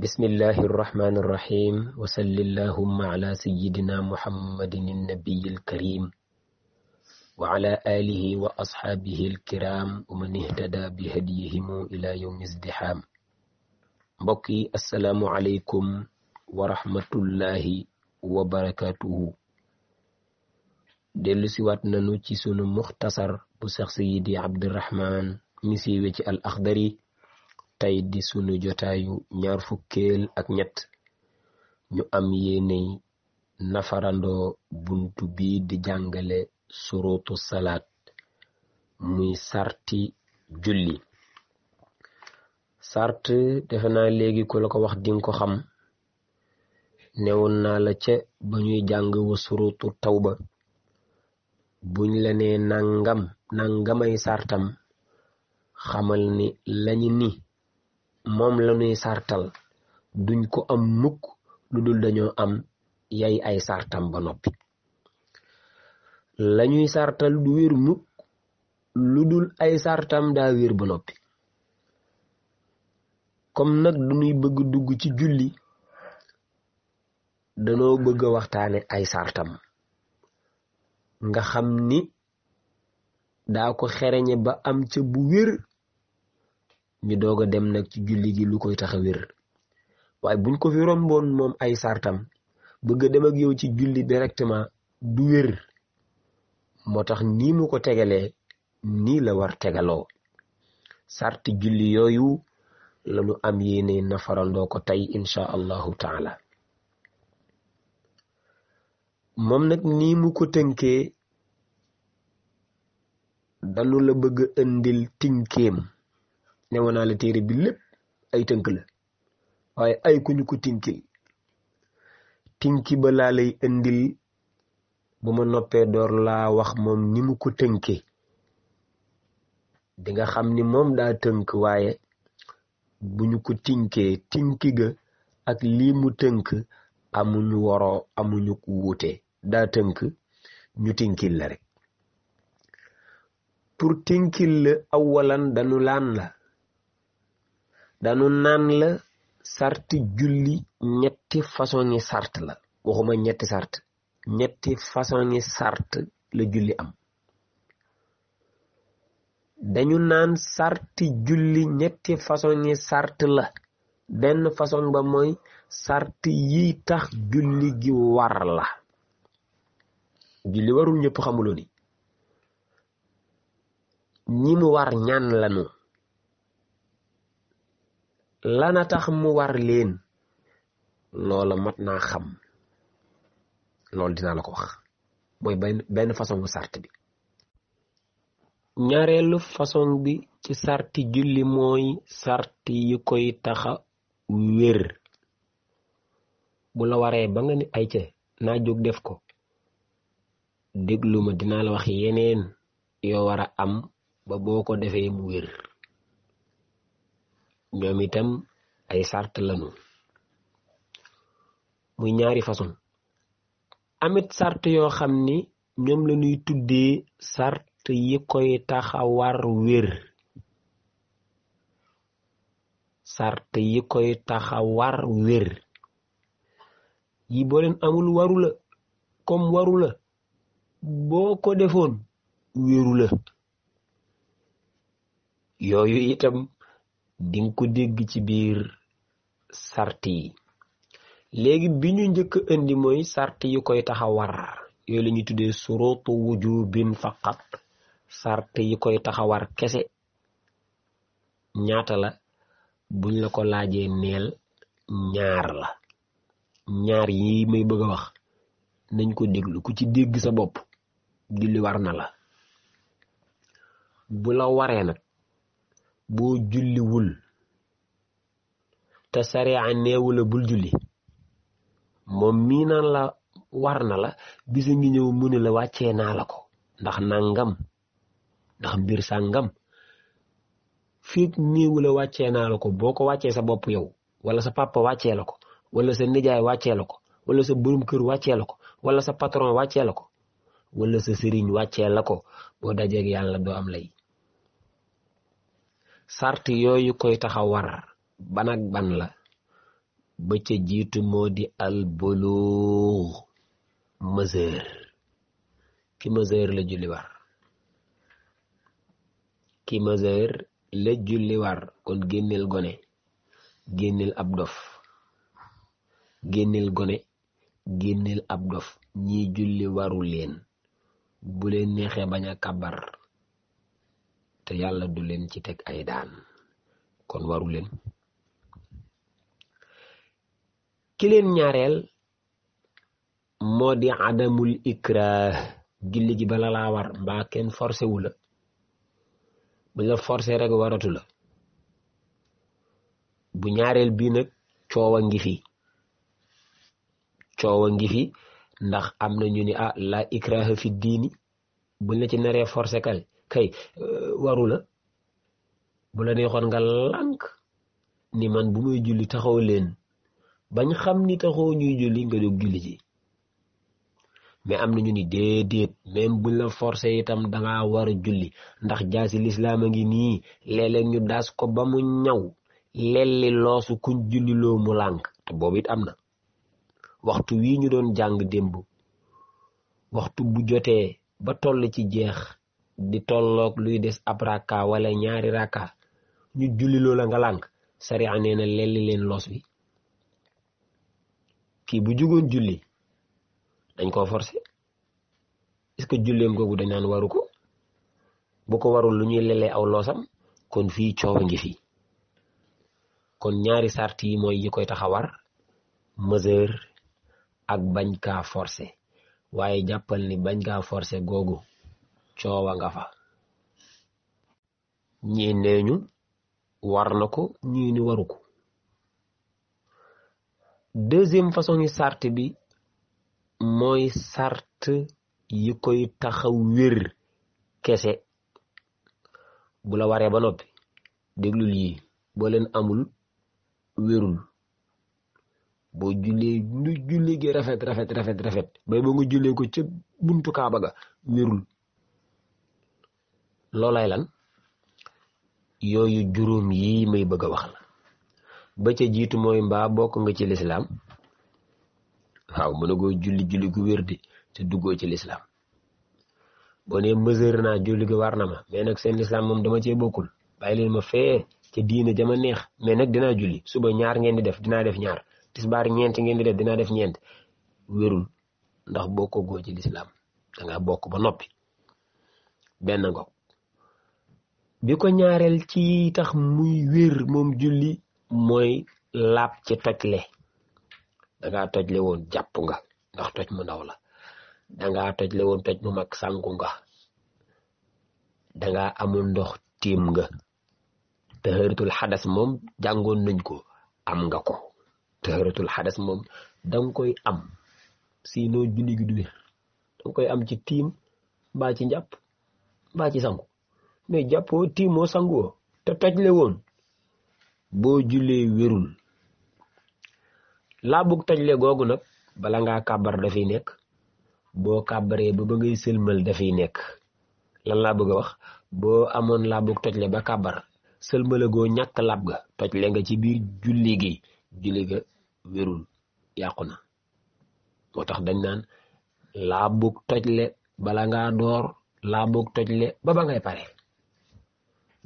بسم الله الرحمن الرحيم وصل اللهم على سيدنا محمد النبي الكريم وعلى آله وأصحابه الكرام ومن اهتدى بهديهم إلى يوم ازدحام بقي السلام عليكم ورحمة الله وبركاته دل siwaat نوتي سنو مختصر بسخ سيدي عبد الرحمن Abdurahmaan الأخضري tay di sunu jotaayu ñaar fukkeel ak ñett ñu am yéene nafarandoo buntu bii di jàngale surutu salaat muy sarti julli sart defe naa léegi ku la ko wax di ko xam newun naa la ca ba ñuy jàng wa surutu tawba buñ la nee nangam nangamay sartam xamal ni lañ ni moom la ñuy sartal duñ ko am mukk lu dul dañoo am yay ay sartam ba noppi lañuy sartal du wér mukk lu dul ay sartam daa wér ba noppi comme nag duñuy bëgg dugg ci julli danoo bëgg a waxtaane ay sartam nga xam ni daa ko xereñe ba am ca bu wér ñu doog a dem nag ci julli gi lu koy tax a wér waaye buñ ko fi romboon moom ay sartam bëgg a dem ak yow ci julli directement du wér moo tax nii mu ko tegalee nii la war tegaloo sart julli yooyu la lañu am yéene na farandoo ko tey incha allahu taala moom nag nii mu ko tënkee dañu la bëgg indil tinkeem newoon la téere bi lépp ay tënk la waaye ay ku ñu ko tinkil tinki ba laa lay indil bu ma noppee door laa wax moom ni mu ko tënkee dinga xam ni moom daa tënk waaye bu ñu ko tinkee tinki ga ak lii mu tënk amuñu waroo amuñu wuute daa tënk ñu tinkil la rek pour tinkil la awalan dañu laan la danu naan la sarti julli ñetti façon ñi sart la waxuma ñetti sart ñetti façon ñi sart la julli am dañu naan sarti julli ñetti façon ñi sart la benn façon ba mooy sart yiy tax julli gi war la julli warul ñëpp xamuloo ni ñi mu war ñaan lanu lana tax mu war leen loola mat naa xam loolu dinaa la ko wax mooy benn façon bu sart bi ñaareelu façon bi ci sarti julli mooy sart yi koy taxa wér bu la waree ba nga ni ay ca naa jóg def ko dégluma ma dinaa la wax yeneen yoo war a am ba boo ko defee mu wér ñoom itam ay sart lañu muy ñaari façon amit sart yoo xam ni ñoom la ñuy tuddee sart yi koy tax a war wér sart yi koy tax a war wér yi boo amul waru comme waru boo ko defoon wéru la yooyu itam di ko dégg ci biir sart yi léegi bi ñu njëkk indi mooy sart yi koy taxa war yooyu la ñuy tuddee surutu bin faqat sàrt yi koy taxawar kese ñaata la buñ la ko laajee neel ñaar la ñaar yi may bëgg a wax nañ ko déglu ku ci dégg sa bopp julli war na la bu la waree nag boo julliwul te sariya neewu la bul julli moom mii naan la war na la bisa ngi ñëw mu la wàccee naa la ko ndax nangam ndax mbir sàngam fii néewu la wàccee naa la ko boo ko wàccee sa bopp yow wala sa papa wàccee la ko wala sa nijaay wàccee la ko wala sa borom kër wàccee la ko wala sa patron wàccee la ko wala sa sëriñ wàccee la ko boo dajeeg yàlla doo am lay sart yooyu koy taxa war ban ban la ba ca jiitu moo di al bulugh majeur ki majeur la julli war ki majeur la julli war kon génneel gone génneel ab dof génneel gone génneel ab dof ñi julli waru leen bu leen neexee bañ a kabar te yàlla du leen ci teg ay daan kon waru leen ki ñaareel moo di adamul ikrah gilli gi bala laa war mbaa kenn forcé wu bu la forcé rek waratu la bu ñaareel bii nag coow a ngi fi coow ngi fi ndax am na ñu ni ah la ikraha fi diini buñ la ci naree forcé kal kay euh, waru la bu la neexoon nga lànk ni man bu may julli taxaw leen bañ xam ni taxaw ñuy julli nga jóg julli ji mais am na ñu ni déedéet même buñ la forcé itam danga war a julli ndax jaasi lislaam a ngi nii léeg ñu daas ko ba mu ñaw lelli loosu kuñ julli loo mu lànk te boobu am na waxtu wii ñu doon jàng démb waxtu bu jotee ba toll ci jeex di tollook luy des ab rakka wala ñaari rakka ñu julli loola nga lànk sariya nee na lelli leen loos bi kii bu jugoon julli dañ koo forcé est-ce que julleem googu dañ naan waru ko bu ko warul lu ñuy lelee aw loosam kon fii coow ngi fii kon ñaari sart yi mooy yi koy tax a war mesure ak bañ kaa forcé waaye jàppal ni bañ kaa forcé googu coowa nga fa ñii nee ñu war ko ñii ni waru ko deuxième façon yi sart bi mooy sart yi koy taxa wér kese bula waree ba noppi déglul yi boo leen amul wérul boo jullee nu julli gi rafet rafet rafet rafet bay ba nga jullee ko ca buntu kaaba ga wérul loolaay lan yooyu juróom yi may bëgg a wax la ba ca jiitu mooy mbaa bokk nga ci lislaam waaw mën a goo julli julli gu wér di te duggoo ci lislaam boo ne mesure naa julli gi war na ma mais nag seen lislaam moom dama cee bokkul bàyyi leen ma fee ca diine jama neex mais nag dina julli suba ñaar ngeen di def dinaa def ñaar tisbaar ñeent ngeen di def dinaa def ñeent wérul ndax bokkoo goo ci lislaam da bokk ba noppi benn ngoog bi ko ñaareel ci tax muy wér moom julli mooy laab ci tojle dangaa tojle woon jàpp nga ndax toj mu ndaw la dangaa tojle woon toj mu mag sangu nga dangaa amul ndox tiim nga taharatul xadas moom jàngoon nañ ko am nga ko taharatul xadas moom danga koy am sinon julli gi du wér koy am ci tiim mbaa ci njàpp mbaa ci sangu mais jàppoo tiimoo sanguwoo te tajle woon boo jullee wérul laabug tajle googu nag bala ngaa kàbbar dafi nekk boo kàbbaree ba ba ngay sëlmal dafay nekk lan laa bëgg a wax boo amoon laabug tojle ba kàbbar sëlmala goo ñàkk laab ga tojle nga ci biir julli gi julli ga wérul yàqu na moo tax dañ naan laabug tojle bala ngaa door laabug tojle ba ba ngay pare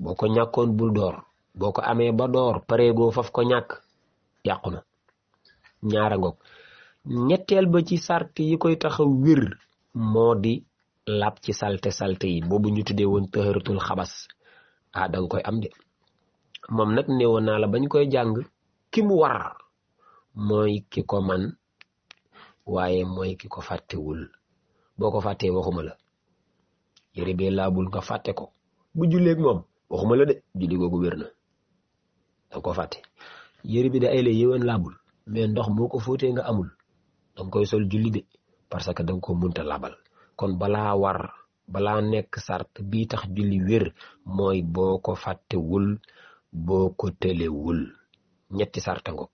boo ko ñàkkoon bul door boo ko amee ba door pareegoo faf ko ñàkk yàqu na ñaara ngoog ñetteel ba ci sart yi koy tax a wér moo di lab ci salte salte yi boobu ñu tuddee woon tëxëratul xabas ah da koy am de moom nag nee naa la bañ koy jàng ki mu war mooy ki ko man waaye mooy ki ko fàttewul boo ko fàttee waxuma la yére bee laabul nga fàtte ko bu julleeg moom waxuma la de julli googu wér na da nga ko fàtte yëri bi da ay la yéwén laabul mais ndox moo ko fóotee nga amul da koy sol julli de parce que da nga ko munta labal kon balaa war balaa nekk sart bi tax julli wér mooy boo ko fàttewul boo ko tëlewul ñetti sart ngo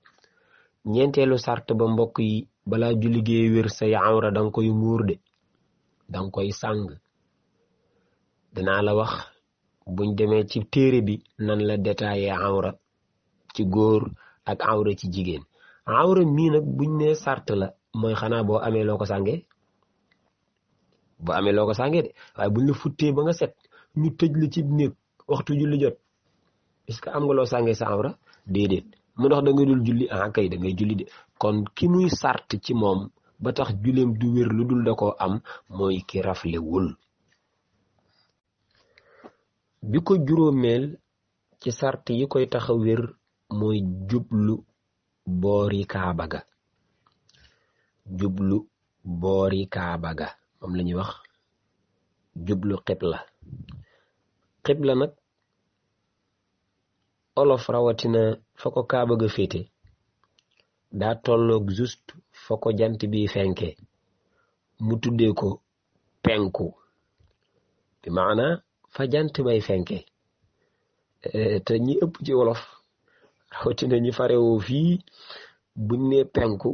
ñeenteelu sart ba mbokk yi balaa julli gee wér sa awra da nga koy muur de da koy sàng dinaa la wax buñ demee ci téere bi nan la détaillé awra ci góor ak awra ci jigéen awra mii nag buñ nee sart la mooy xanaa boo amee loo ko sangee boo amee loo ko sànge de waaye buñ la futtee ba nga set ñu tëj la ci néeg waxtu julli jot est que am nga loo sangee sa awra déedéet mu ndax da nga dul julli ah kay da ngay julli de kon ki muy sart ci moom ba tax julleem du wér lu dul da koo am mooy ki raflewul bi ko juróomeel ci sart yi koy taxa wér mooy jublu boori kaaba ga jublu boori kaaba ga moom la ñuy wax jublu xibla xibla nag olof rawatina fa kaaba ga féete daa tolloog juste fa jant bi fenke mu tuddee ko penku bi maana fa jant bay fenke eh, te ñi ëpp ci wolof rawatina ñi farewoo fii buñ ne penku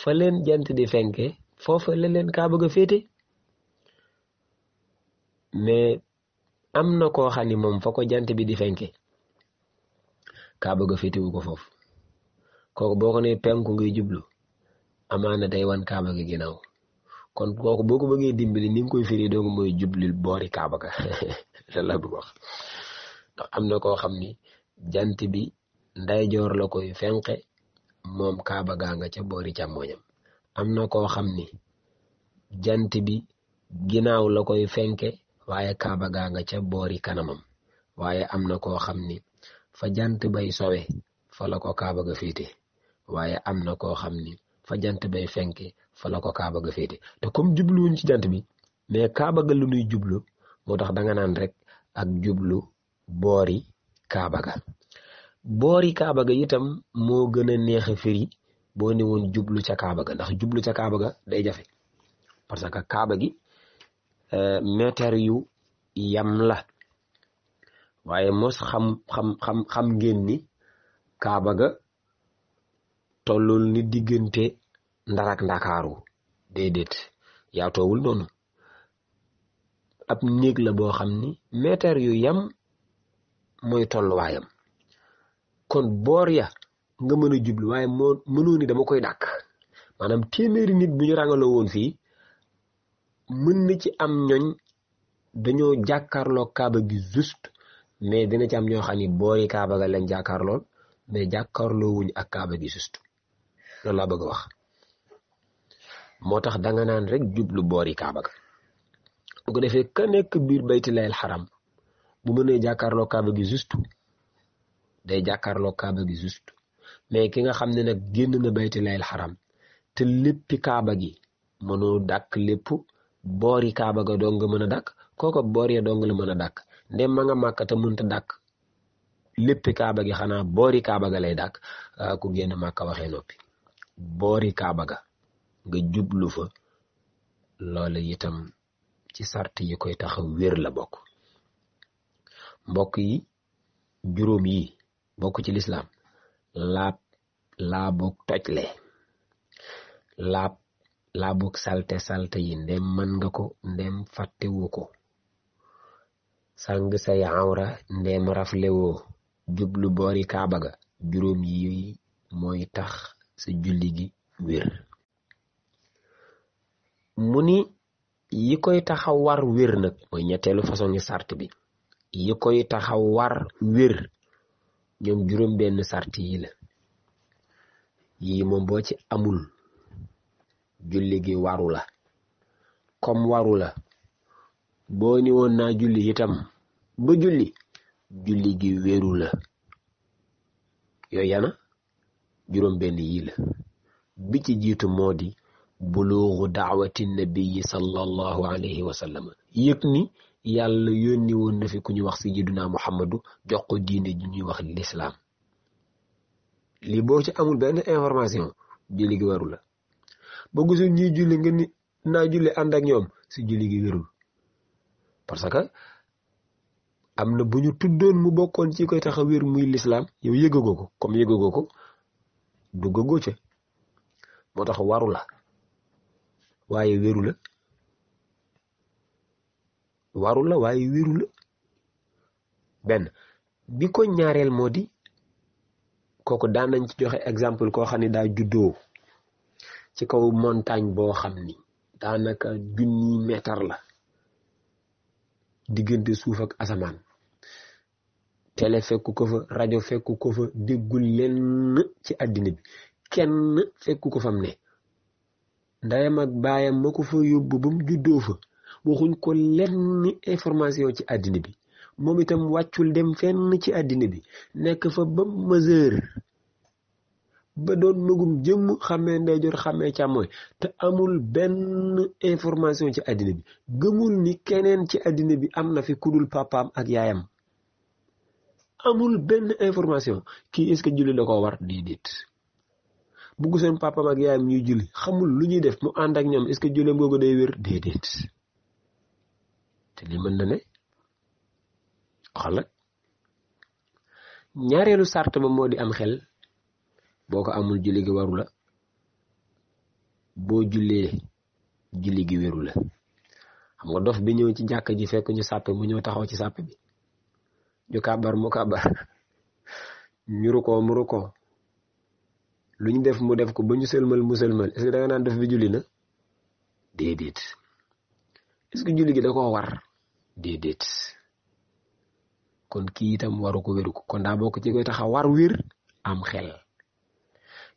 fa leen jant di fenke foofa la leen kaa bëgg a féete mais am na koo xam ni moom fa jant bi di fenke kaa ga a féetewu ko foofu kooku boo ko ne penku ngay jublu amaana day wan kaaba gi ginnaaw kon kooku boo ko bëggee dimbali ni nga koy firi donc mooy jublil boori kaaba ga lan am na koo xam ni jant bi ndeyjoor la koy fenqe moom kaaba gaa nga ca boori càmmooñam am na koo xam ni jant bi ginnaaw la koy fenke waaye kaaba gaa nga ca boori kanamam waaye am na koo xam ni fa jant bay sowe fa la ko kaaba ga féete waaye am na koo xam ni fa jant bay fenke fa ko kaaba ga féete te comme jubluwuñ ci jant bi mais kaaba ga lu nuy jublu moo tax danga naan rek ak jublu boori kaaba ga boori kaaba ga itam moo gën a neex a boo ne woon jublu ca kaaba ga ndax jublu ca kaaba ga day jafe parce que kaaba gi euh, mètre yu yam la waaye mos xam xam xam xam ngeen ni kaaba ga tollul ni diggante ndar ak ndakaaru déedéet yaatoowul noonu ab néeg la boo xam ni meetar yu yam mooy tolluwaayam kon boor ya nga mën a jublu waaye moo mënoo koy dàkk maanaam téeméeri nit bu ñu woon fii mën na ci am ñoñ dañoo jàkkaarloo kaaba gi juste mais dina ci am ñoo xam ni boori kaaba ga lañ jàkkaarlool mais jàkkaarloo wuñ ak kaaba gi juste loolu laa bëgg a wax moo tax danga naan rek jublu boori kaaba ga bu ko defee ka nekk biir baytilayil xaram bu mënee jàkkaarloo kaaba gi juste day jàkkaarloo kaaba gi juste mais ki nga xam ne nag génn na baytilayil xaram te léppi kaaba gi mënoo dàkk lépp boori kaaba ga dong nga mën a dakk kooka boor ya dong la mën a dàkk ndem ma nga màkk te mënta dàkk léppi kaaba gi xanaa boori kaaba ga lay dàkk ah, ku génn màkka waxee noppi boori kaaba ga nga jublu fa loola itam ci sart yi koy taxaw wér la bokk mbokk yi juróom yi bokk ci lislaam laab laaboog tojle laab laaboog salte salte yi ndem mën nga ko ndem fàttewu ko sang say awra ndem raflewoo jublu boori kaaba ga juróom yi mooy tax sa julli gi wér mu ni yi koy taxaw war wér nag mooy ñetteelu façon ngi sart bi yi koy taxaw war wér ñoom juróom benn sart yi la yii moom boo ci amul julli gi waru la comme waru la boo ni naa julli itam ba julli julli gi wéru la yooyu yana juróom benn yii bi ci jiitu moo di buluuxu daawati nabii sallallahu alayhi wa sallam yëg ni yàlla yónni woon na fi ku ñuy wax sayyiduna muhammadu jox ko diine ji ñuy wax lislaam lii boo ci amul benn information julli gi waru la ba gisul ñuy julli nga ni naa julli ànd ak ñoom si julli gi wérul parce que am na bu ñu tuddoon mu bokkoon ci koy taxa a wér muy lislaam yow yëgagoo ko comme yëgagoo ko duggagoo ca moo tax waru la waaye wéru la waru la waaye wéru la benn bi ko ñaareel moo di kooku daan nañ ci joxe exemple koo xam ne daa juddoo ci kaw montagne boo xam ni daanaka junni meetar la diggante suuf ak asamaan télé fekku ko fa rajo fekku ko fa déggul lenn ci àddina bi kenn fekku ko fam ne ndeyam ak baayam ma ko fa yóbbu ba mu juddoo fa waxuñ ko lenn information ci àddina bi moom itam wàccul dem fenn ci àddina bi nekk fa ba maseur ba doon magum jëm xamee ndeyjoor xamee càmmooy te amul benn information ci àddina bi gëmul ni keneen ci àddina bi am na fi kudul papaam ak yaayam amul benn information kii est-ce que julli da ko war déedéet bugg seen papaam ak yaayam ñuy julli xamul lu ñuy def mu ànd ak ñoom est-ce que julleem googu day wér déedéet te li mën na ne xoolal ñaareelu sart ba moo di am xel boo ko amul julli gi waru boo jullee julli gi wéru xam nga dof bi ñëw ci jàkk ji fekk ñu sàppe mu ñëw taxaw ci sàppe bi ñu kàbbar mu kàbbar ñu rukkoo mu rukkoo lu ñu def mu def ko ba ñu sëlmal mu sëlmal est-ce que naan def bi juli na déedéet est-ce que gi da koo war déedéet kon kii itam waru ko wéru ko kon daa bokk ci koy taxa war wér am xel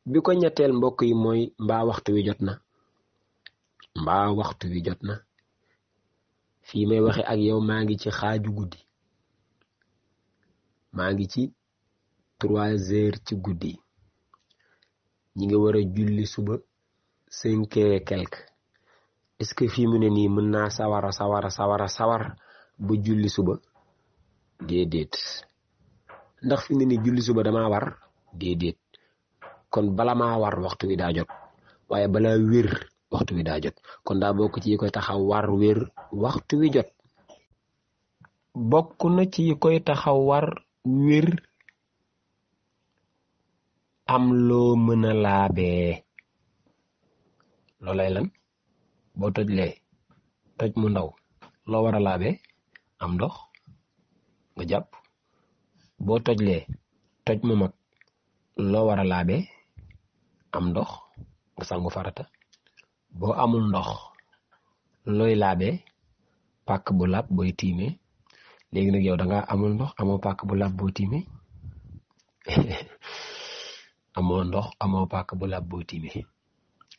bi ko ñetteel mbokk yi mooy mbaa waxtu wi jot na mbaa waxtu wi jot na fi may waxe ak yow maa ngi ci xaaju guddi maa ngi ci trois heures ci guddi ñi nga war a julli suba cinq et quelque est-ce que fii mu ne nii mën naa sawara sawara sawara sawar ba julli suba déedéet ndax fi ne nii julli suba dama war déedéet kon bala ma war waxtu wi daa jot waaye bala wér waxtu wi daa jot kon daa bokk ci koy taxaw war wér waxtu wi jot bokk na ci koy taxaw war wér am loo mën a laabee loolay lan boo tojlee toj mu ndaw loo war a laabee am ndox nga jàpp boo tojlee toj mu mag loo war a laabee am ndox nga sangu farata boo amul ndox looy laabee pàkk bu laab booy tiime léegi nag yow da nga amul ndox amoo pàkk bu laab boo tiime amoo ndox amoo pàkk bu lab tiime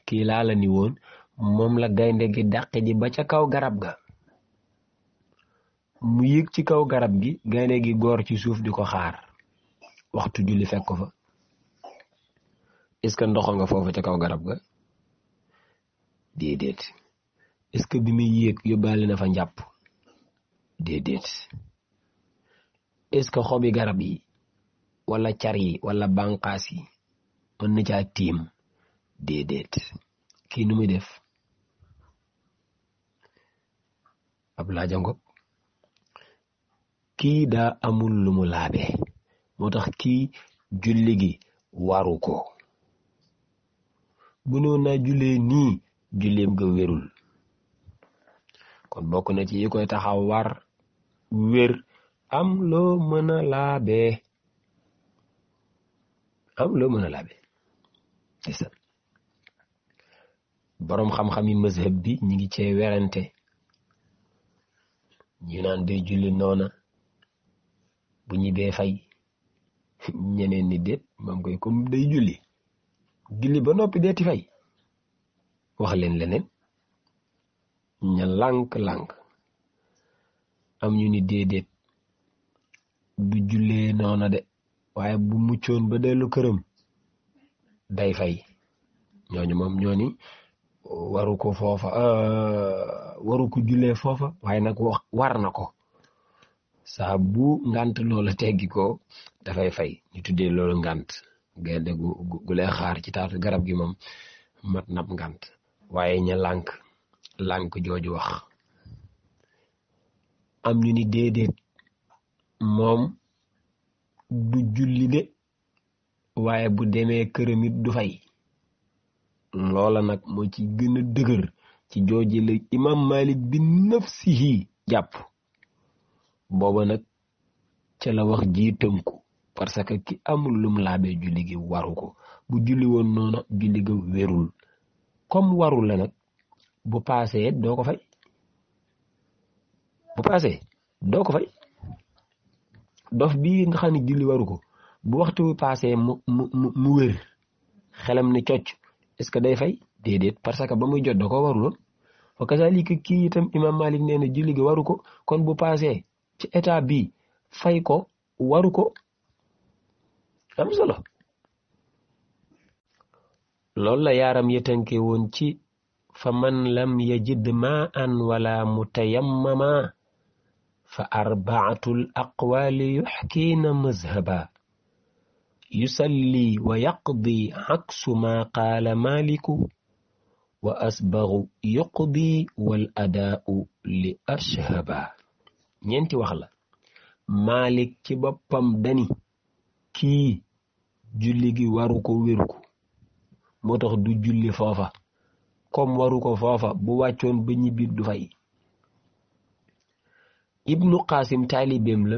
kii laa la ni woon moom la gaynde gi dàqe ji ba ca kaw garab ga mu yëg ci kaw garab gi gaynde gi goor ci suuf di ko xaar waxtu julli fekk ko fa est-ce que ndoxo nga foofu ca kaw garab ga déedéet est-ce que bi muy yéeg yóbbaale na fa njàpp déedéet est-ce que xobi garab yi wala car yi wala bànqaas yi mën na caa tiim déedéet kii nu muy def ab laaja ngoog kii daa amul lu laabe moo tax kii julli gi waru ko bu noon naa jullee nii julleem nga wérul kon bokk na ci yi koy taxaw war wér am loo mën a laabe am loo mën a laabe boroom xam-xam yi mazhab bi ñi ngi cee werante ñu naan day julli noona bu ñibbee fay ñeneen ni déet moom koy comme day julli julli ba noppi deeti fay wax leen leneen ña lànk lank am ñu ni déedéet bu jullee noona de waaye bu muccoon ba dellu këram day fay ñooñu moom ñooñu waru ko foofa euh, waru ko jullee foofa waaye nag war na ko saa bu ngant lool teggi ko dafay fay ñu tuddee loolu ngant gaynde gu gu lay xaar ci taatu garab gi moom mat nab ngant waaye ña lànk lànk jooju wax am ñu ni déedéet moom du julli de waaye bu demee këramit du fay loola nag moo ci gën a dëgër ci jooji la imam malik bi nafsihi jàpp booba nag ca la wax ji ko parce que kii amul lum laabee julli gi waru ko bu julli woon noonu julli ga wérul comme waru nag bu paasee doo ko fay bu paasee doo ko fay dof bii nga ne julli waru ko boo waxtu paase mu mu mu mu xelam ne cocc est-ce que day fay déedéet parce que ba muy jot ko koo waruloon wa kazalika kii itam imam Malik nee na julli gi waru ko kon bu paase ci état bi fay ko waru ko am solo loolu la yaaram ya tënke woon ci fa man lam yajid ma an wala mutayammama fa arbaatul aqwaali yuxkiina mazhaba yusalli wa yaqdi aksu ma qaala maliku wa asbaru yuqdi wal adaau li ashhaba ñeenti wax la malik ci boppam dani kii julli gi waru ko du julli foofa comme waru ko foofa bu wàccoon ba ñibbi du ibnu qasim taalibeem la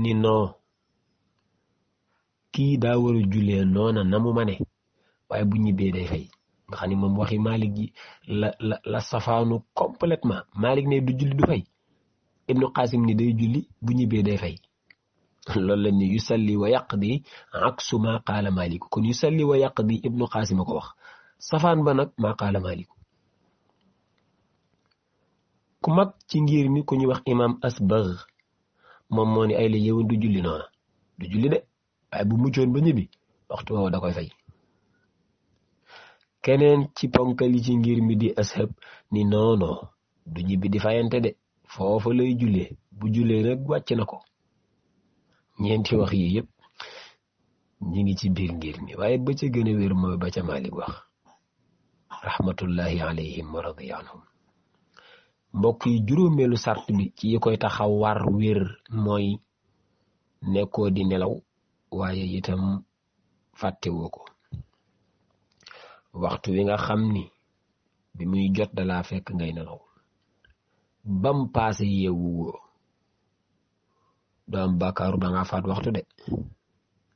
ni noo kii daa war a jullee noona na mu mane waaye bu ñibbee day fay nga xam ne moom waxi Malik ji la la la safaanu complètement Malik ne du julli du fay Ibnu Qasim ni day julli bu ñibbee day fay loolu la ni yu salli wa yaqdi aksu maa qaala Maliku kon yu salli wa yaqdi Ibnu Qasim a wax safaan ba nag maa qaala ku mag ci ngir mi ku ñuy wax imam asbagh moom moo ni ay la yëwan du julli noona du julli de waaye bu muccoon ba ñibbi waxtu woowu da koy fay keneen ci ponkali ci ngir mi di ashab ni noonoo du ñibbi di fayante de foofa lay jullee bu jullee rek wàcc na ko ñeenti wax yi yëpp ñi ngi ci biir ngir mi waaye ba ca gën a mooy ba ca Maalik wax rahmatullahi alayhim wa radiya mbokk yi juróomeelu sart bi ci yi koy taxaw war wér mooy nekkoo di nelaw waaye itam fàttewoo ko waxtu wi nga xam ni bi muy jot dalaa fekk ngay nelaw bam paase yeewu woo doo am bàkkaaru faat waxtu de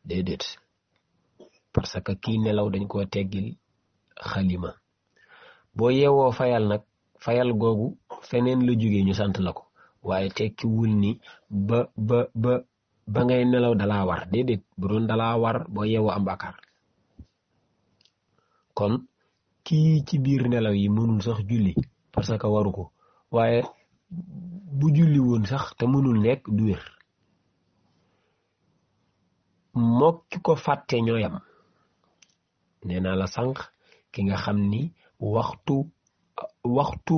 déedéet parce que kii nelaw dañ koo teggil xalima boo yeewoo fayal nag fayal googu feneen la jógee ñu sant la ko waaye tekkiwul ni ba ba ba ba ngay nelaw dalaa war déedéet bu doon war am kon kii ci biir nelaw yi mënul sax julli parce que waru ko waaye bu julli woon sax te mënul nekk du wér mook ki ko fàtte ñooyam nee la ki nga waxtu waxtu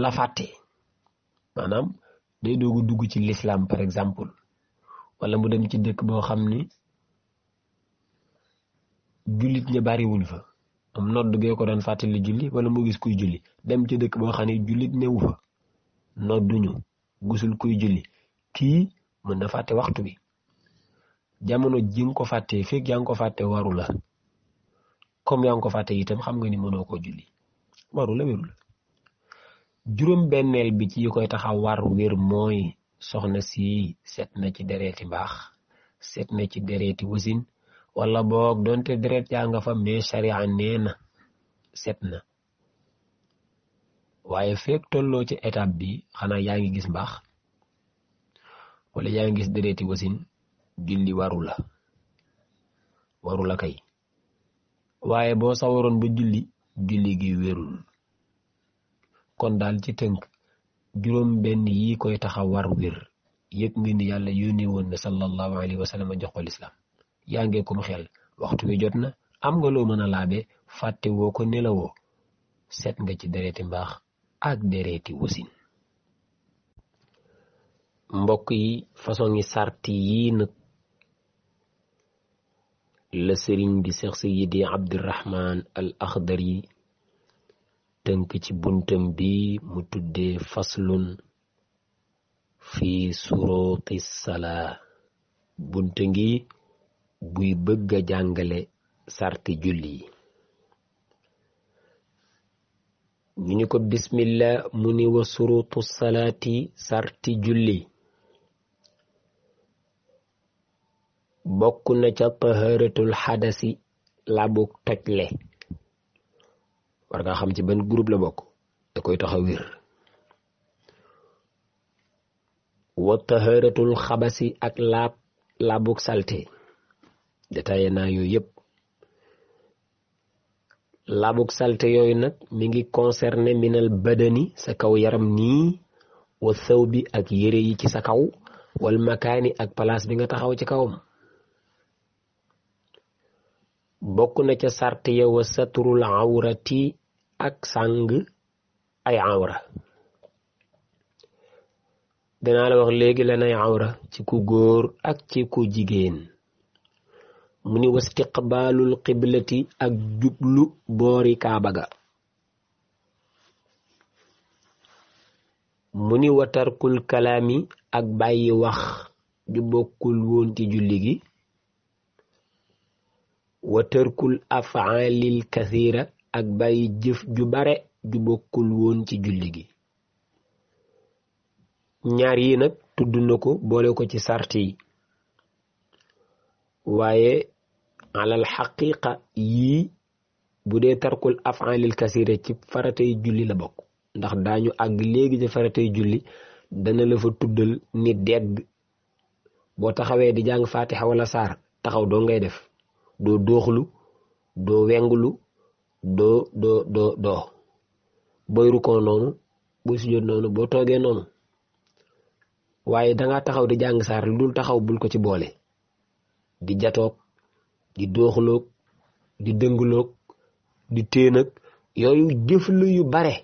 la day dugg ci l'islam par exemple wala mu dem ci dëkk boo xam ni jullit ña bariwuñ fa am nodd gee ko doon fàttali julli wala mu gis kuy julli dem ci dëkk boo xam ne jullit newu fa nodduñu gusul kuy julli kii mën na fàtte waxtu bi jamono ji nga ko fàtte fekk yaa ngi ko fàtte waru la comme yaa ngi ko fàtte itam xam nga ni mënoo koo julli waru la juróom benneel bi ci yi koy taxaw war wér mooy soxna si set na ci dereeti mbaax set na ci dereeti wasin wala boog donte deret yaa nga fa mais sharia nee na set na waaye feek tolloo ci étape bi xana yaa ngi gis mbaax wala yaa ngi gis dereeti wasin julli warula la waru kay waaye boo sawaroon ba julli julli gi wérul kon daal ci tënk juróom benn yi koy taxa war wér yëpp ngi ni yàlla yónni woon na sallallahu alayhi wa sallam jox ko lislaam yaa ngee kum xel waxtu wi jot na am nga loo mën a laabe fàtte woo ko nelawoo set nga ci dereeti mbaax ak dereeti wasin mbokk yi façon yi sarti yi nag la sëriñ bi Seex Seydi Abdurahmaan al Axdari tënk ci buntam bi mu tuddee faslun fi surooti sala bunt ngi buy bëgg a jàngale sarti julli ñu ni ko bismillah mu ni wa surutu salaati sarti julli bokk na ca taharatul xadasi labuk tëj le war ngaa xam ci ban groupe la bokk da koy tax a wér wa xabasi ak laab laabuk salte détaillé naa yooyu yëpp laabuk salte yooyu nag mi ngi concerné minal badani sa kaw yaram nii wa sëw bi ak yére yi ci sa kaw wal makaani ak place bi nga taxaw ci kawam bokk na ca sart ya wa saturul awrati ak sàng ay awra danaa la wax léegi lanay awra ci ku góor ak ci ku jigéen mu ni wastiqbaalul qiblati ak jublu boori kaaba ga mu ni watarkul kalaami ak bàyyi wax ju bokkul woon ci julli gi wa tërkul afaalil kathira ak bàyyi jëf ju bare ju bokkul woon ci julli gi ñaar yi nag tudd na ko boole ko ci sart yi waaye alal xaqiqa yii bu dee tarkul afaalil kasira ci faratay julli la bokk ndax daañu àgg léegi ci faratay julli dana la fa tuddal ni degg boo taxawee di jàng fatixa wala saar taxaw doo ngay def do doxlu do wengulu do do do do boy ruko nonu boy jot non bo toge non waye da nga taxaw di jang sar lul taxaw bul ko ci boole di jatok di doxlok di dengulok di teenak yoyu jëf yu bare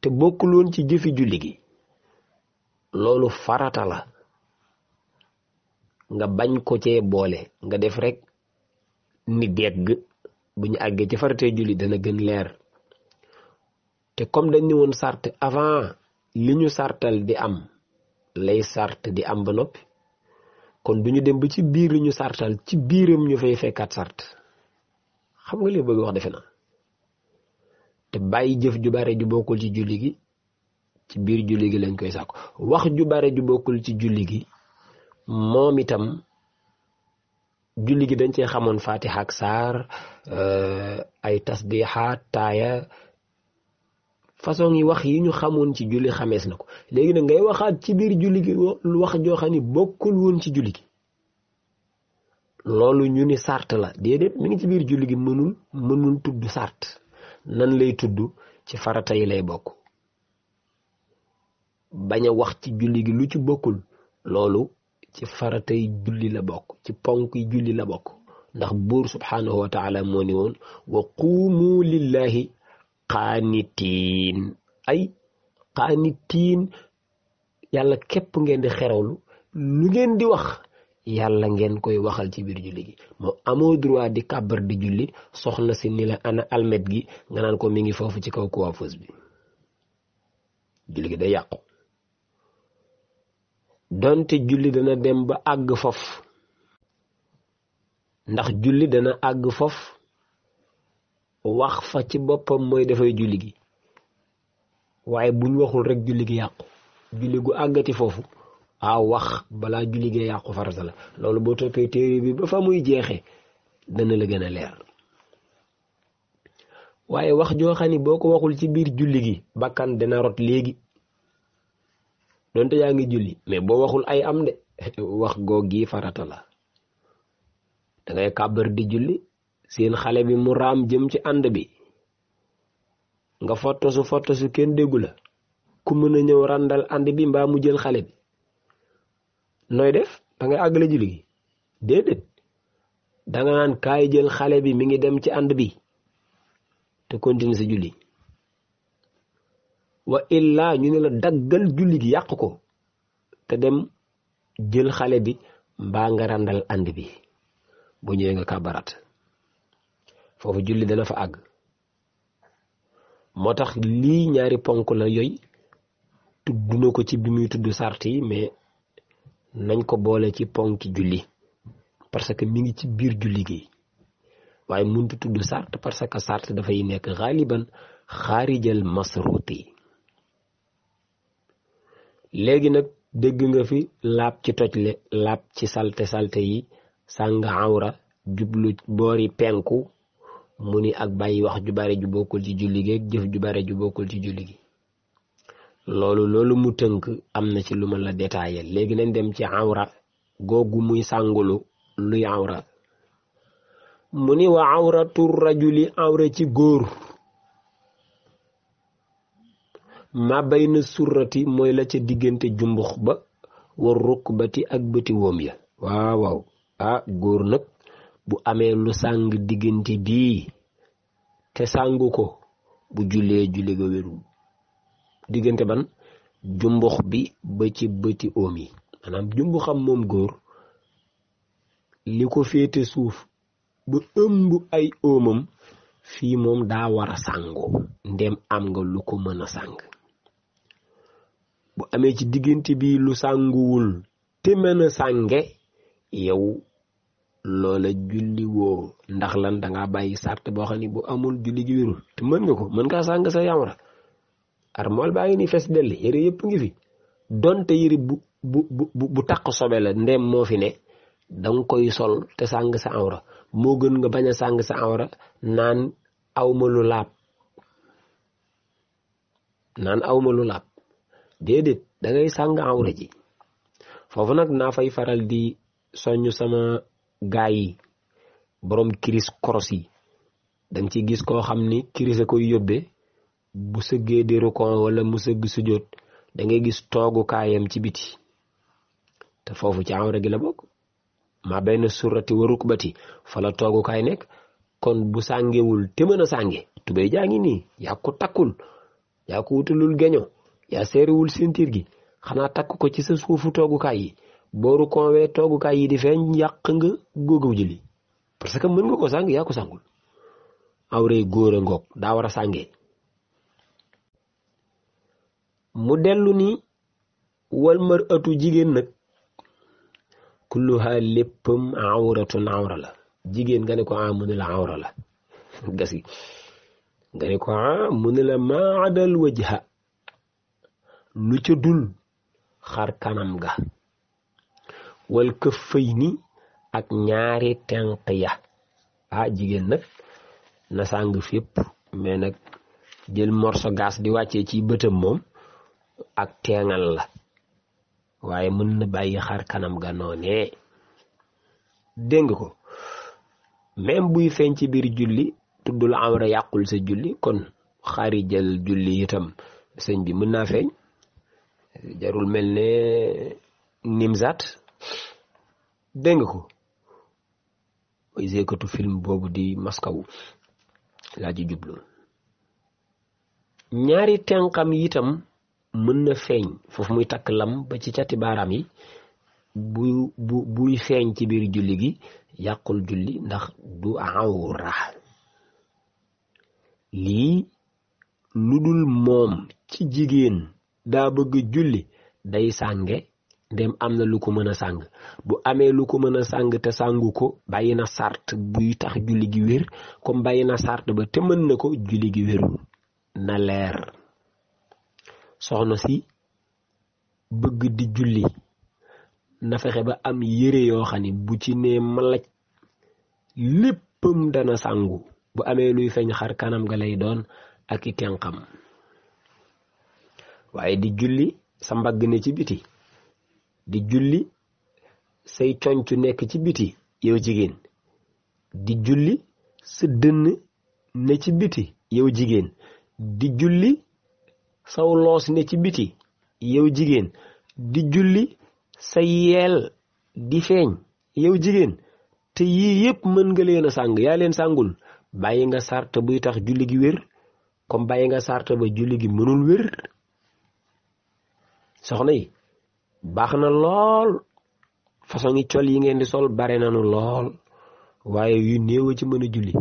te bokul won ci jëfi julli gi lolu farata la nga bañ ko ci boole nga def rek ni gegg bu ñu àggee ci faratee julli dana gën leer te comme dañ ni woon sart avant li ñu sartal di am lay sart di am ba noppi kon du ñu dem ba ci biir li ñu sartal ci biiram ñu fay fekkaat sart xam nga li bëgg wax defe na te bàyyi jëf ju bare ju bokkul ci julli gi ci biir julli gi lañ koy sàkku wax ju bare ju bokkul ci julli gi moom itam julli gi dañ ci xamone fatiha ak euh ay tasbiha taaya façon yi wax yi ñu xamone ci julli xamees nako ko léegi ngay waxat ci bir julli gi wax jo xani bokul won ci julli gi lolu ñu ni sart la dedet mi ngi ci bir julli gi mënul mënul tuddu sart nan lay tuddu ci farata yi lay bokku baña wax ci julli gi lu ci bokul, lolu ci faratay julli la bokk ci ponk yi julli la bokk ndax buur subhanahu wa moo ni woon wa quumu lillahi qaanitiin ay qaanitiin yàlla képp ngeen di xerewlu lu ngeen di wax yàlla ngeen koy waxal ci biir julli gi moo amoo droit di kàbbar di julli soxna si ni la ana almet gi nga naan ko mi ngi foofu ci kaw coiffeuse bi julli gi day yàqu donte julli dana dem ba àgg fof ndax julli dana àgg fof wax fa ci boppam mooy dafay julli gi waaye buñ waxul rek julli gi yàqu julli gu àggati foofu waaw wax balaa julli gee yàqu farata la loolu boo toppee téere bi ba fa muy jeexee dana la gën a leer waaye wax joo xam boo ko waxul ci biir julli gi bàkkan dana rot léegi donte ya nga julli mais bo waxul ay am de wax gogi farata la da ngay kabar di julli seen xale bi mu ram jëm ci and bi nga su fotosu su ken degula ku meuna ñew randal and bi mba mu jël xale bi noy def da ngay àggale julli gi da nga nan kay jël xale bi mi ngi dem ci and bi te continue sa julli wa illaa ñu ne la daggal julli gi yàq ko te dem jël xale bi mbaa nga ràndal ànd bi bu ñëwee nga kàbbarat foofu julli dana fa àgg moo tax lii ñaari ponk la yooyu tudd na ko ci bi muy tudd sart mais nañ ko boole ci ponk julli parce que mi ngi ci biir julli gi waaye muntu tudd sart parce que sart dafay nekk xaaliban xaarijal masruuti léegi nag dégg nga fi laab ci tojle laab ci salte salte yi sàng awra jublu boori penku mu ni ak bàyyi wax ju bare ju bokkul ci julli gi ak jëf ju bare ju bokul ci julli gi loolu loolu mu tënk am na ci lu ma la détaillé léegi nañ dem ci awra googu muy sàngulu luy awra mu ni wa awratu rajuli awra ci góor ma bay na surrati mooy la ca diggante jumbux ba war rukbati ak bëti woom ya waaw waaw ah góor nag bu amee lu sàng diggante bii te sàngu ko bu jullee julli ga wérul diggante ban jumbux bi ba ci bëti oom yi maanaam jumbuxam moom góor li ko féete suuf ba ëmb ay oomam fii moom daa wara a ndem am nga lu ko mën a sàng bu amé ci digënté bi lu sànguwul te mën a yow loola julli wo ndax lan da nga bayyi sart bo xani bu amul julli gi wérul té mën nga ko mën ngaa sang sa yamara ar mol ngi ni fess del ngi fi donte yëre bu bu bu bu tak sobe la ndem mo fi ne dang koy sol te sang sa awra mo gën nga baña sang sa awra nan awma lu awma déedéet da ngay sàng foofu nag naa fay faral di soñu sama gaay yi borom kiris koros yi da ci gis koo xam ni kiris koy yóbbee bu sëggee di rukon wala mu sëgg sujjóot da ngay gis toogukaayam ci biti te foofu ci awra gi la bokk maa benn surati wa rukbati fa la toogukaay nekk kon bu sàngewul te mën a sànge tubéy jaa ngi nii yaa ko takkul yaa ko wutalul geño yaa séeréwul ceinture gi xanaa takk ko ci sa suufu toogukaay yi booru konwee toogukaay yi di feeñ yàq nga góogaw julli parce que mën nga ko sàng yaa ko sàngul awrey góor a ngoog daa war a sàngee mu dellu ni wal mar atu jigéen nag kulluha léppam awratun awra la jigéen nga ne ko a ah, mu ne la nga ne ko a ah, mu ne la maadal wajha lu ca dul xar kanam ga wal këf fëy ni ak ñaari tenq ya ah jigéen nag na sàng fépp mais nag jël morso gaas di wàccee ci bëtam moom ak teengal la waaye mën na bàyyi xar kanam ga noonee dégg ko même buy feeñ ci biir julli tuddul amra yàqul sa julli kon xarijal julli itam sëñ bi mën naa feeñ jarul mel ne Nimzaat dégg nga ko mooy zeekatu film boobu di maskaw laa ci jublu ñaari tenqam yitam mën na feeñ foofu muy takk lam ba ci catibaaram yi bu bu buy feeñ ci biir julli gi yàqul julli ndax du awra lii lu dul moom ci jigéen daa bëgg julli day sànge ndem am na lu ko mën a sàng bu amee lu ko mën a sàng te sàngu ko bàyyi na sart buy tax julli gi wér comme bàyyi na sart ba te mën na ko julli gi wérul na leer soxna si bëgg di julli na fexe ba am yére yoo xam ne bu ci ne malaj léppam dana sàngu bu amee luy feeñ xar kanam ga lay doon ak i tenqam waaye di julli sa mbagg ne ci biti di julli say concu nekk ci biti yow jigéen di julli sa dënn ne ci biti yow jigéen di julli saw loos ne ci biti yow jigéen di julli sa yel di feeñ yow jigéen te yii yëpp mën nga leen a sàng yaa leen sàngul bàyyi nga sart buy tax julli gi wér comme bàyyi nga sart ba julli gi mënul wér soxna yi baax na lool façon yi col yi ngeen di sol bare nanu lool waaye yu néew ci mën a julli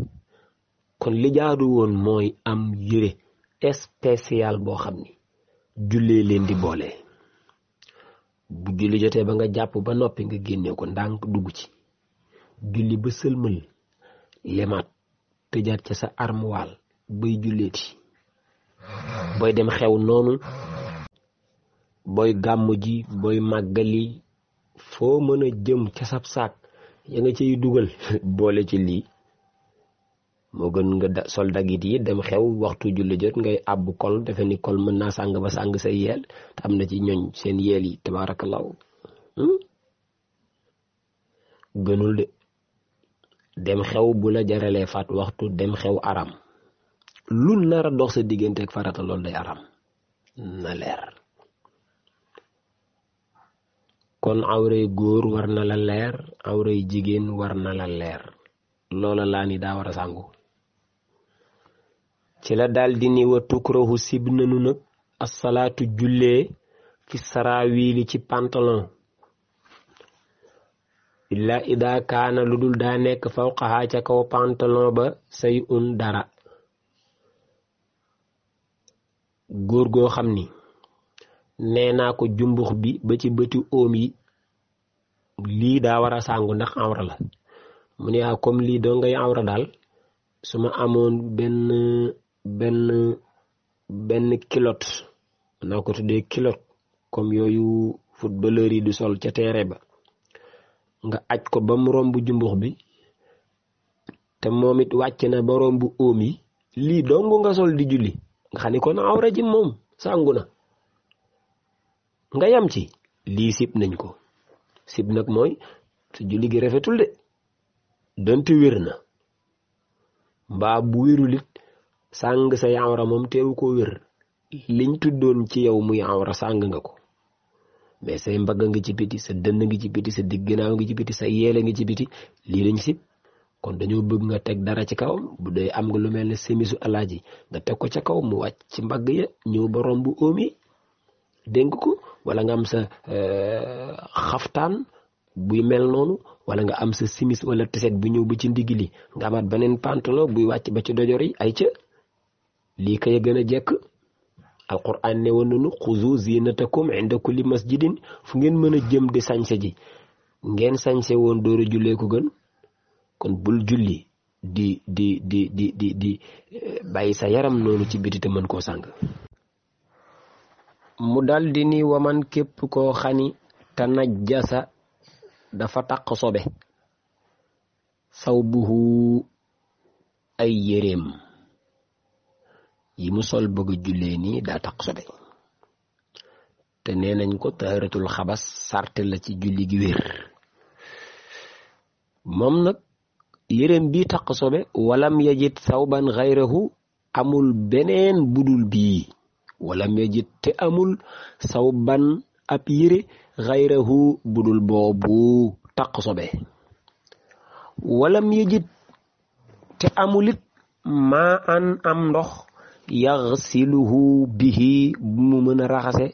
kon li jaadu woon mooy am yére spécial boo xam ni jullee leen di boole bu julli jotee ba nga jàpp ba noppi nga génne ko ndànk dugg ci julli ba sëlmal lemaat tëjaat ca sa armoire bay julleeti booy dem xew noonu boy gamuji, ji magali, màggali fo mën jëm ci sap sak ya nga ciy duggal boole ci li mo gën nga sol dagit yi dem xew waxtu julli jot ngay ab kol defeni kol meuna sang ba sang say yel te ci ñooñ seen yel yi hmm gënul de dem xew bu la jarale fat waxtu dem xew aram lu nara dox sa digënté ak farata loolu day aram na leer kon awray góor war na la leer awray jigéen war na la leer loola laa ni daa war a sàngu ci la daldi ni wa tukrahu sib nanu nag asalaatu jullee fi saraawili ci pantalon illa ida lu dul daa nekk fawqahaa ca kaw pantalon ba say un dara góor goo xam ni nee ko jumbux bi ba ci beuti oom yi li da wara sangu ndax awra la mu ne ah, comme li do ngay awra dal suma ma ben ben ben kilot naa ko tuddee kilot comme yoyu footballeur yi du sol ci teere ba nga acc ko bam rombu jumbux bi te momit wacc na ba rombu oom yi lii nga sol di julli nga xani ni kon awra ji mom sanguna nga yam ci lii sib nañ ko sib nag mooy sa julli gi rafetul de donte wér na mbaa bu wérul it sàng sa awra moom teewu ko wér liñ tuddoon ci yow muy awra sàng nga ko mais say mbagg nga ci biti sa dënn ngi ci biti sa ngi ci biti sa yeele ngi ci biti lii lañ sib kon dañu bëgg nga teg dara ci kawam bu dee am nga lu mel ne semisu alaaji nga teg ko ca kaw mu wàcc ci mbagg ya ñëw ba romb oom dénk ko wala nga am sa euh, xaftaan buy mel noonu wala nga am sa simis wala teset bu ñëw ba ci ndigg li nga amaat beneen pantalon buy wàcc ba ci dojor yi ay ca lii kay gën a jekk alquran ne woon nañu xuzu zinatakum inda kulli masjidin fu ngeen mën a jëm di sañse ji ngeen sañse woon dóora jullee ko gën kon bul julli di di di di di di eh, bàyyi sa yaram noonu ci biti te mën koo sàng mu daldi ni waman képp koo xani te najjasa dafa taq sobe saw buhu ay yéreem yi mu sol bëgg jullee ni daa taq sobe te nee nañ ko taaratul xabas sart la ci julli gi wér moom nag yéreem bi taq sobe walam saw ban xayrahu amul beneen budul bii wala mejit te amul saw ban ab yére xayrahu budul boobu taq sobe walam yejit te amulit maa an am ndox yaxsiluhu bihi bu mu mën a raxase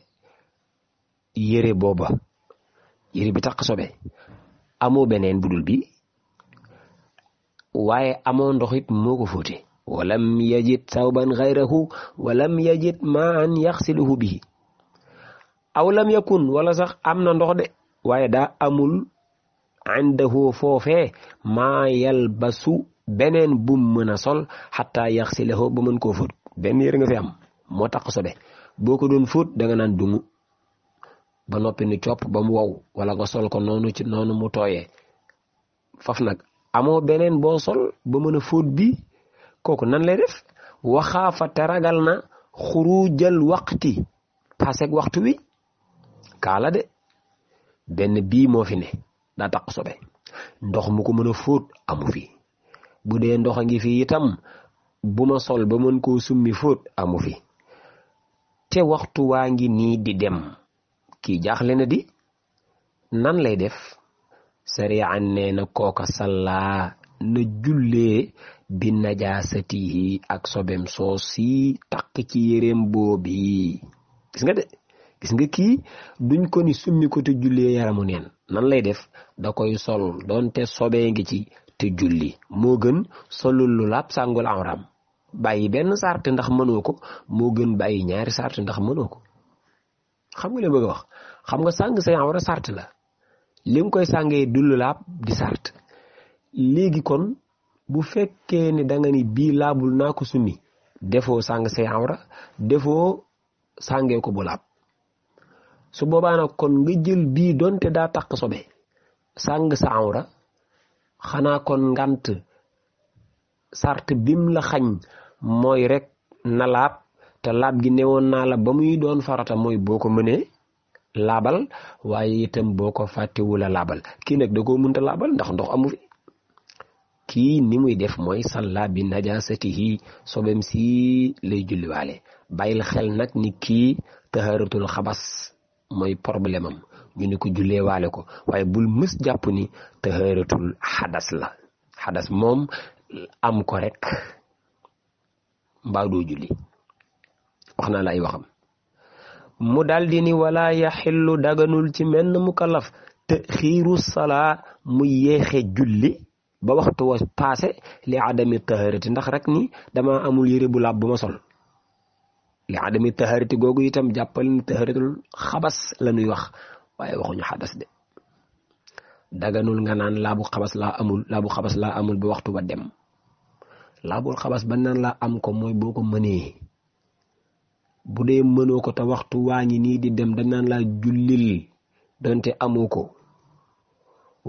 yére booba yére bi taq sobe amoo beneen budul bi waaye amoo ndox it moo ko fóote walam yajid sawban xayrahu walam yajid ma yaxsiluhu bihi aw lam yakun wala sax am na ndox de waaye daa amul indahu foofee maa yalbasu beneen bum mën a sol xataa yaxsilahu ba mën koo fóot benn yére nga fi am moo tax sobe boo ko doon fóot da naan dungu ba noppi ni copp ba mu wow wala ko sol ko noonu ci noonu mu tooyee faf nag beneen boo sol ba mën a bi kooku nan lay def waxaafa te ragal na xurujal waqti pasek waxtu wi kaala de benn bii moo fi ne daa sobe ndox mu ko mën a fóot amu fi bu dee ndox a ngi fi itam buma ma sol ba mën koo summi fóot amu fi te waxtu waa ngi nii di dem kii jaaxle na di nan lay def sariyaan nee na kooka sallaa na jullee bi najaasatihi ak sobem soos si takk ci yéreem boobi gis nga de gis nga kii duñ koni ni summi ko te jullee yaramu neen nan lay def da koy sol doonte sobee ngi ci te julli moo gën solu lu laab sàngul amram bàyyi benn sart ndax mënoo ko moo gën bàyyi ñaari sart ndax mënoo ko xam nga li bëgg wax xam nga sàng say awra sart la li koy sàngee du lu laab di sart léegi kon bu fekkee ne da nga ni bii laabul naa ko summi defoo sàng say awra defoo sàngee ko bu laab su boobaa kon nga jël bii donte daa takk sobe sàng sa awra xanaa kon ngant sart bim la xañ moy rek na laab te laab gi newoon naa la ba muy doon farata mooy boo ko mënee laabal waaye itam boo ko fàttewul a laabal kii nag da koo mënta ndax ndox amu kii ni muy def mooy salla bi najasatihi sobem si lay julliwaale bàyyil xel nag ni kii taxaratul xabas mooy problème ñu ni ko julleewaale ko waaye bul mës jàpp ni taxaratul xadas la xadas moom am ko rek mbaa doo julli wax naa la ay waxam mu daal di ni wala yaxillu daganul ci menn mukallaf te xiiru salaa mu yéexe julli ba waxtu wa paase li adami taharati ndax rek ni dama amul yére bu laab bu ma sol li adami taharati googu itam jàppal ni xabas la ñuy wax waaye waxuñu xadas de daganul nga naan laabu xabas laa amul amul ba waxtu wa dem laabul xabas ba naan laa am ko mooy boo ko mënee bu dee mëno ko te waxtu waa ngi nii di dem dañ naan laa jullil donte amoo ko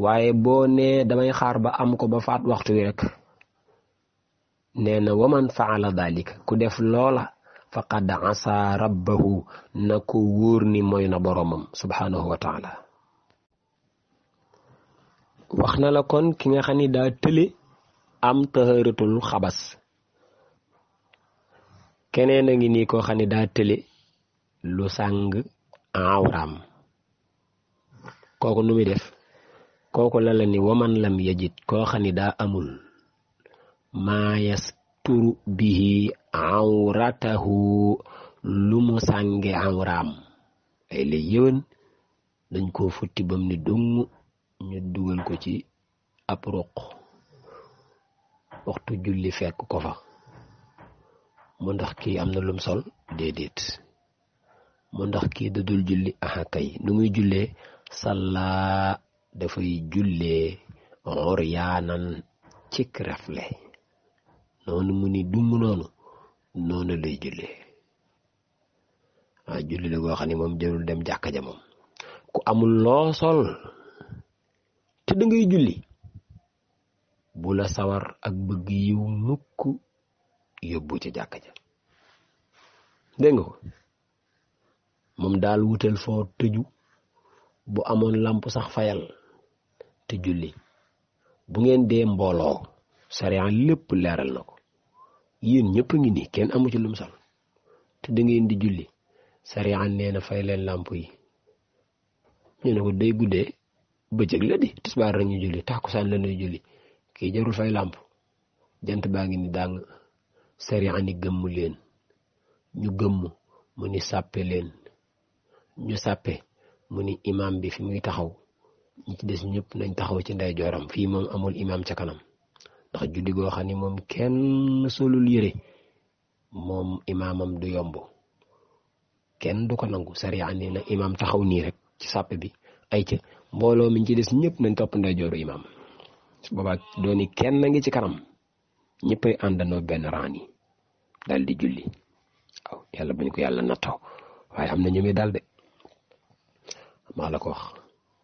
waaye boo nee damay xaar ba am ko ba faat waxtu wi rek nee na woman waman faala dalika ku def loola faqad asa rabbahu na ku wóor ni mooy na boroomam subhaanahu wa wax na la kon ki nga xam ni daa tële am taxaratul xabas keneen a ngi nii ko xam ne daa tële lu sàng awraam kooku nu muy def koko la la ni waman lam yajid ko xani da amul ma yasturu bihi awratahu lumu mu awram ay le yewen dañ ko futti bam ni dung ñu dugal ko ci ab ruq waxtu julli fekk ko fa mo ndax ki amna lum sol dedet mo ndax ki julli aha kay nu muy dafay julle xuryaanan ci krafle non mu ni dum non non lay julle waaw julle la go xani mom moom dem jakka ja mom ku amul lo sol te da ngay julli bu sawar ak bëgg yiw mukk yobbu dengo jakka ja dengo mom dal wutal bu amon làmp sax fayal te julli bu ngeen dee mbooloo sariyaan lépp leeral na ko yéen ñëpp ngi nii kenn amu ci lum sal te da di julli sariyaan nee na fay leen làmp yi ñu ne ko day guddee bëccëg la di tisbaar la ñuy julli tàkkusaan la ñuy julli kii jarul fay làmp jant baa ngi ni dàng sariyaan ni gëmm leen ñu gëmm mu ni sàppe leen ñu sàppe mu ni imaam bi fi muy taxaw ñi ci des ñëpp nañ taxaw ci ndeyjooram fii moom amul imaam ca kanam ndax julli goo moom kenn solul yére moom imaamam du yomb kenn du ko nangu sariya nee na imaam taxaw nii rek ci sàpp bi ay mbooloo mi ci des ñëpp nañ topp ndeyjooru imaam su boobaa dooni kenn ngi ci kanam ñëppay àndandoo benn yi daal julli yàlla buñ ko yàlla nattoo waaye am na dal de maa la ko wax.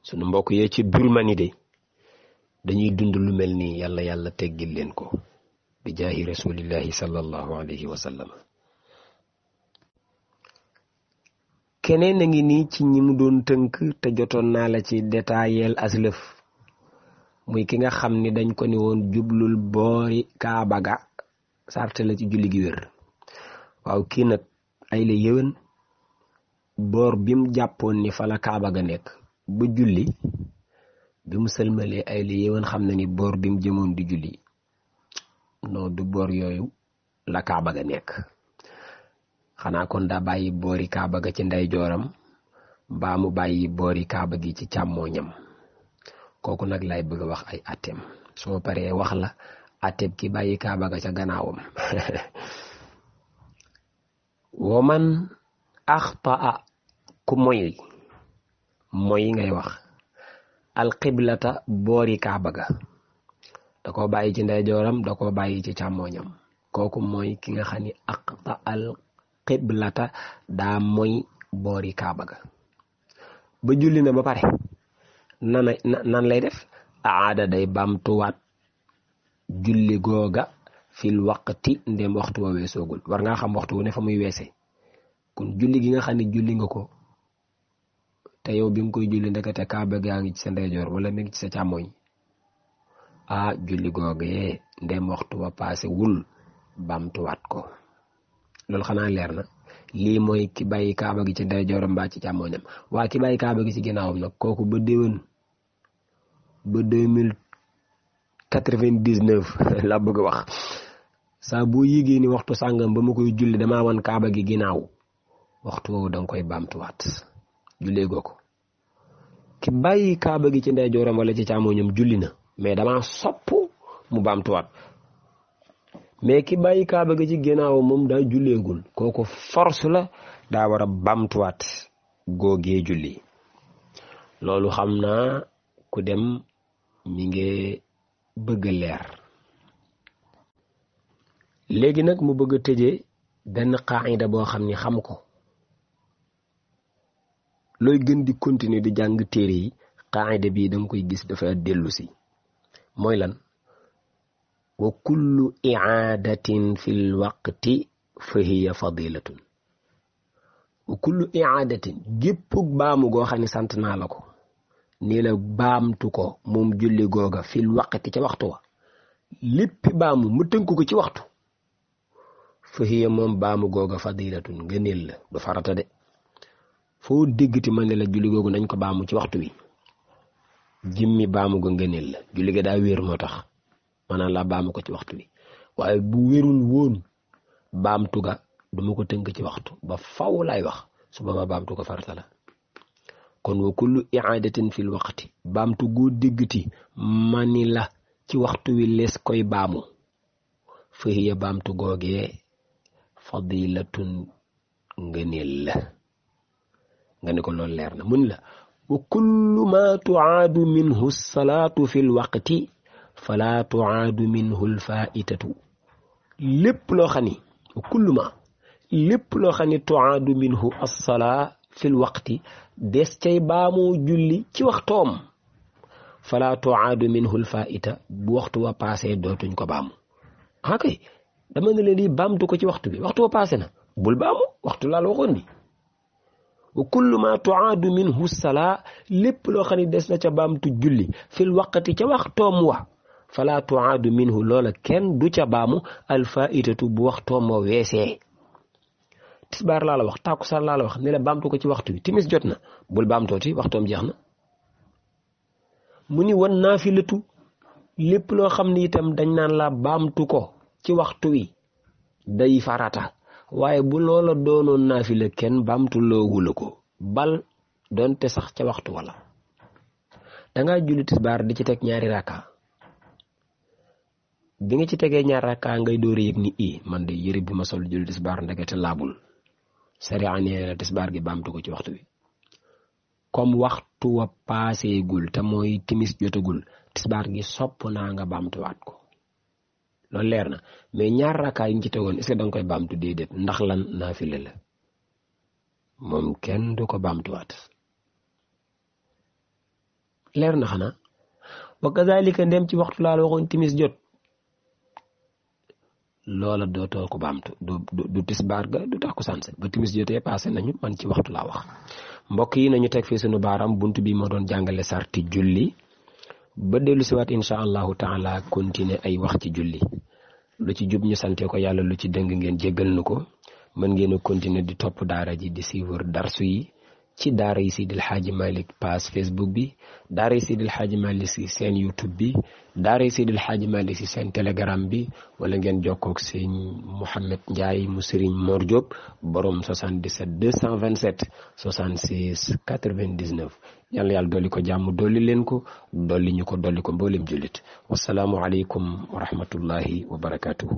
sunu mbokk yee ci Birmanie de dañuy dund lu mel nii yàlla yàlla teggil leen ko bi jaahi rasulillahi sallallahu alayhi wa keneen a ngi nii ci ñi mu doon tënk te jotoon naa la ci détaayel aslëf muy ki nga xam ni dañ ko ni woon jublul boori kaaba ga sarte la ci julli gi wér waaw kii nag ay la yëwén boor bi mu jàppoon ni fa kaaba ga nekk ba julli bimu mu sëlmalee ay li yéwén xam na ni boor bi mu di julli non du boor yooyu la kaaba ga nekk xanaa kon daa bàyyi boori kaaba ga ci ndeyjooram baa bàyyi boori kaaba gi ci càmmooñam kooku nag lay bëgg a wax ay atteem soo paree wax la atteem ki bàyyi kaaba ga ca gannaawam wa man axtaa ku moy mooy ngay wax alxiblata boori kaaba ga da koo bàyyi ci ndeyjooram da ko bàyyi ci càmmooñam kooku mooy ki nga xam ni aqta alxiblata daa mooy boori kaaba ga ba julli na ba pare nan nan lay def aada day bamtuwaat julli googa fil waqti ndem waxtu wa weesoogul war ngaa xam waxtu wu ne fa muy weese kon julli gi nga xam ne julli nga ko te yow bi nga koy julli ndekete kaaba gaa ngi ci sa ndeyjoor wala mi ci sa càmmoñ ah julli googee ndem waxtu wa paase wul bamtuwaat ko loolu xanaa leer na lii mooy ki bàyyi kaaba gi ci ndeyjooram mbaa ci càmmoñam waa ki bàyyi kaaba gi ci ginnaawam nag kooku ba déwén ba deux mille quatre vingt dix wax saa boo yégée ni waxtu sàngam ba ma koy julli damaa wan kaaba gi ginnaaw waxtu woowu danga koy bamtuwaat jullee goo ko ki bàyyi kaaba gi ci ndeyjooram wala ci càmmoñam julli na mais damaa sopp mu baamtuwaat mais ki bàyyi kaaba gi ci ginnaaw moom daa julleegul kooku force la daa war a baamtuwaat googee julli loolu xam naa ku dem mi ngi bëgg leer léegi nag mu bëgg a tëjee benn qaayida boo xam ni xam ko looy gën di continuer di jàng téere yi qaayida bii da nga koy gis dafa dellusi mooy lan wa kullu iaadatin fi l waqti fa hiya wa kullu iaadatin géppug baamu goo xam ne sant naa la ko nii la baamtu ko moom julli googa fi l ca waxtu wa léppi baamu mu ko ci waxtu fa hiya moom baamu googa fadilatun ngëneel la du farata de foo déggati ma ne la julli googu nañ ko baamu ci waxtu wi jimmi baamu ga ngëneel la julli ga daa wéer moo tax maanaam la baamu ko ci waxtu wi waaye bu wérul woon baamtu ga du ma ko tënk ci waxtu ba faw lay wax su boobaa baamtu ga farata la kon baamtu goo déggati mani la ci waxtu wi lees koy baamu fa hiya baamtu googee fadilatun ngëneel la nga ne ko loolu leer na mun la wa kullu ma tuaadu minhu salaatu fi lwaqti fala tuaadu minhu lépp loo xam loo xam ni tuaadu minhu assalaa fi lwaqti des cay baamoo julli ci waxtoom fala tuaadu minhu lfaita bu waxtu wa passé dootuñ ko baamu ah kay dama ne leen di baamtu ko ci waxtu bi waxtu wa passé na bul baamu waxtu laa la wa kullu ma tuaadu minhu salaa lépp loo xam ne des na ca baamtu julli fil waqati ca waxtoom wa fala tuaadu minhu loola kenn du ca baamu alfaitatu bu waxtoom wa weesee tisbaar laa la wax tàkkusaan laa wax ne la baamtu ko ci waxtu wi timis jot na bul baamtooti waxtoom jeex na mu ni wan naafilatu lépp loo xam ni itam dañ naan la baamtu ko ci waxtu wi day farata waye bu lolo doono naafila kenn bamtu ko bal donte sax waktu waxtu wala nga julli Bar di ci tek ñaari raka bi nga ci tege ñaar raka ngay door i man de yere bu ma sol julli tisbaar ndekete labul sariya nee na tisbaar gi bamtu ko ci waxtu wi comme waxtu wa gul te moy timis jotagul tisbar gi sopuna nga bamtu wat ko lol leerna mais ñaar rakkaa yi ngi ci est ce dang koy bamtu dedet ndax lan naafile la mom ken du ko baamtuwaat leer na xanaa wa kazalika ndem ci waxtu la waxon timis jot do to ko bamtu du du tisbaar ga du tax ko sanse ba timis jote passé nañu man ci waxtu la wax mbokk yi nañu tek fi sunu baram buntu bi mo don sarti julli ba dellu siwaat incha allahu taala continuer ay wax ci julli lu ci jub ñu sante ko yàlla lu ci dëng ngeen jéggal nu ko mën ngeen a di topp daara ji di suivre darsu yi ci daara yi Seydil Hadji Malick page Facebook bi daara yi Seydil Hadji Malick si seen YouTube bi daara yi Seydil Hadji Malick si seen Telegram bi wala ngeen jokkoog sëñ Mouhamed Ndiaye mu Serigne Mor Diop borom 77 227 76 99 yal na yàlla dolli ko jàmm dolli leen ko dolli ñu ko dolli ko mboolem jullit wasalaamu aleykum wa rahmatullahi wa barakaatuhu